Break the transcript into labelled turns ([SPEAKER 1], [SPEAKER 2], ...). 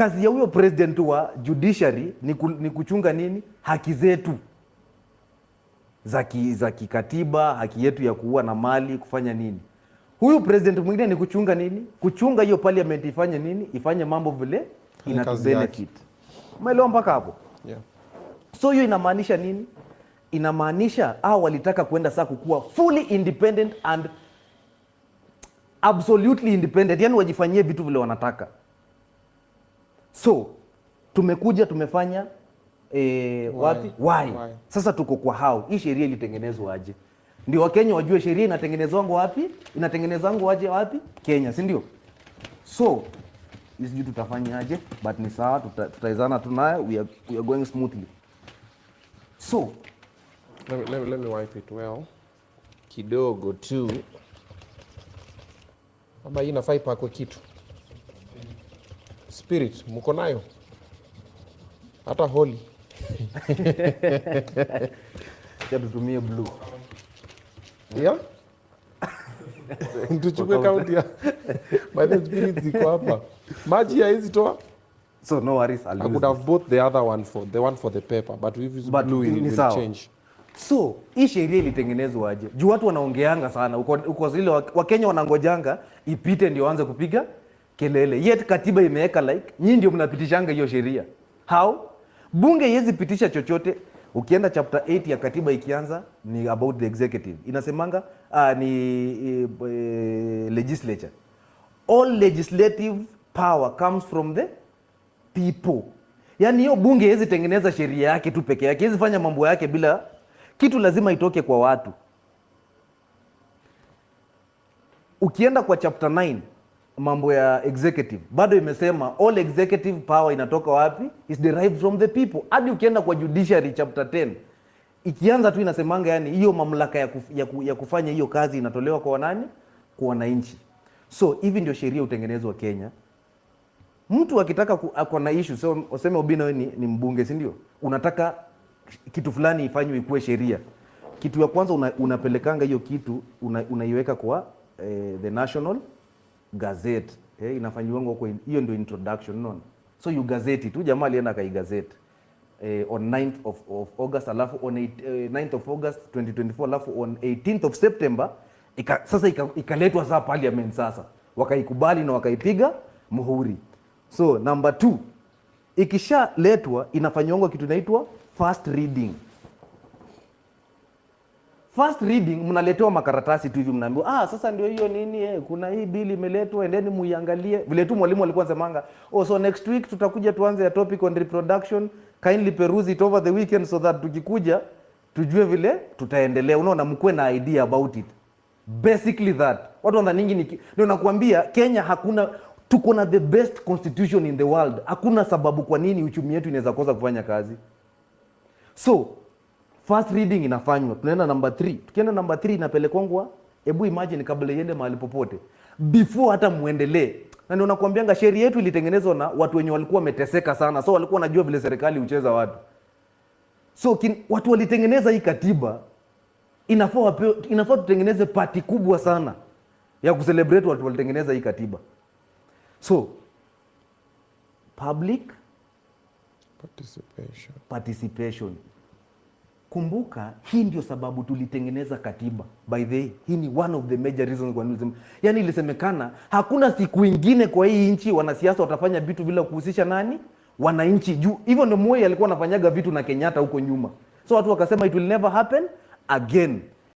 [SPEAKER 1] kazi ya huyo president wa judiciary ni, ku, ni kuchunga nini haki zetu za kikatiba, haki yetu ya kuua na mali kufanya nini. Huyu president mwingine ni kuchunga nini, kuchunga hiyo parliament ifanye nini, ifanye mambo vile inatubenefit. Umeelewa mpaka hapo? Yeah. So hiyo inamaanisha nini? Inamaanisha hao walitaka kuenda saa kukuwa fully independent and absolutely independent, yani wajifanyie vitu vile wanataka So tumekuja tumefanya e, wapi why? Why? Sasa tuko kwa hao Hii sheria ilitengenezwa aje? Ndio Wakenya wajue sheria inatengenezwangu wapi, inatengenezangu aje wapi? Kenya, si ndio? So sijui tutafanyaje, but ni sawa, tutaizana tu naye we are, we are going smoothly. So
[SPEAKER 2] let me, let me, let me wipe it well kidogo tu, baba hii inafaa ipakwe kitu spirit mko nayo hata holi
[SPEAKER 1] tutumie blue
[SPEAKER 2] yeah? tuchukue kaunti ya by spirit ziko hapa maji ya hizi toa so no worries I'll I could have bought the other one for the one for the paper but if it's but blue it will change
[SPEAKER 1] so hii sheria ilitengenezwa aje juu watu wanaongeanga sana uko, uko zile wakenya wanangojanga ipite ndio waanze kupiga kelele, yet katiba imeweka like nyinyi ndio mnapitishanga hiyo sheria. How bunge haiwezi pitisha chochote. Ukienda chapter 8 ya katiba ikianza ni about the executive inasemanga uh, ni uh, legislature. All legislative power comes from the people. Yaani hiyo bunge haiwezi tengeneza sheria yake tu peke yake, haiwezi fanya mambo yake bila kitu, lazima itoke kwa watu. Ukienda kwa chapter 9 mambo ya executive bado imesema all executive power inatoka wapi? Is derived from the people. Hadi ukienda kwa judiciary chapter 10 ikianza tu inasemanga, yani hiyo mamlaka ya, kuf, ya, ku, ya kufanya hiyo kazi inatolewa kwa nani kwa wananchi. So hivi ndio sheria utengenezwa Kenya. Mtu akitaka ako na issue, so useme Obino ni, ni mbunge, si ndio? Unataka kitu fulani ifanywe ikuwe sheria, kitu ya kwanza una, unapelekanga hiyo kitu una, unaiweka kwa eh, the national gazette eh, inafanyiwa huko. Hiyo ndio introduction, non So you gazette tu jamaa alienda kai gazette eh, on 9th of, of August alafu on 8, 9th eh, of August 2024 alafu on 18th of September ika, sasa ikaletwa ika saa parliament sasa wakaikubali na wakaipiga muhuri. So number two ikishaletwa inafanyiwa kitu inaitwa first reading first reading mnaletewa makaratasi tu hivi, mnaambiwa ah, sasa ndio hiyo nini eh, kuna hii bili imeletwa, endeni muiangalie. Vile tu mwalimu alikuwa anasemanga, oh, so next week tutakuja tuanze ya topic on reproduction, kindly peruse it over the weekend so that tukikuja tujue vile tutaendelea. Unaona, mkuwe na idea about it, basically that watu wana nyingi. ni Ndio nakwambia Kenya hakuna tuko na the best constitution in the world. Hakuna sababu kwa nini uchumi wetu inaweza kosa kufanya kazi so first reading inafanywa, tunaenda number 3. Tukienda number 3 inapelekwangwa, hebu imagine kabla iende mahali popote, before hata muendelee. Na ndio nakwambianga sheria yetu ilitengenezwa na watu wenye walikuwa wameteseka sana, so walikuwa wanajua vile serikali hucheza watu. So kin, watu walitengeneza hii katiba, inafaa inafaa tutengeneze pati kubwa sana ya kucelebrate watu walitengeneza hii katiba. So public
[SPEAKER 2] participation,
[SPEAKER 1] participation. Kumbuka, hii ndio sababu tulitengeneza katiba by the way. Hii ni one of the major reasons kwa nini, yani ilisemekana hakuna siku ingine kwa hii nchi wanasiasa watafanya vitu bila kuhusisha nani, wananchi. Juu hivyo ndio Moi alikuwa anafanyaga vitu na Kenyatta huko nyuma, so watu wakasema it will never happen again.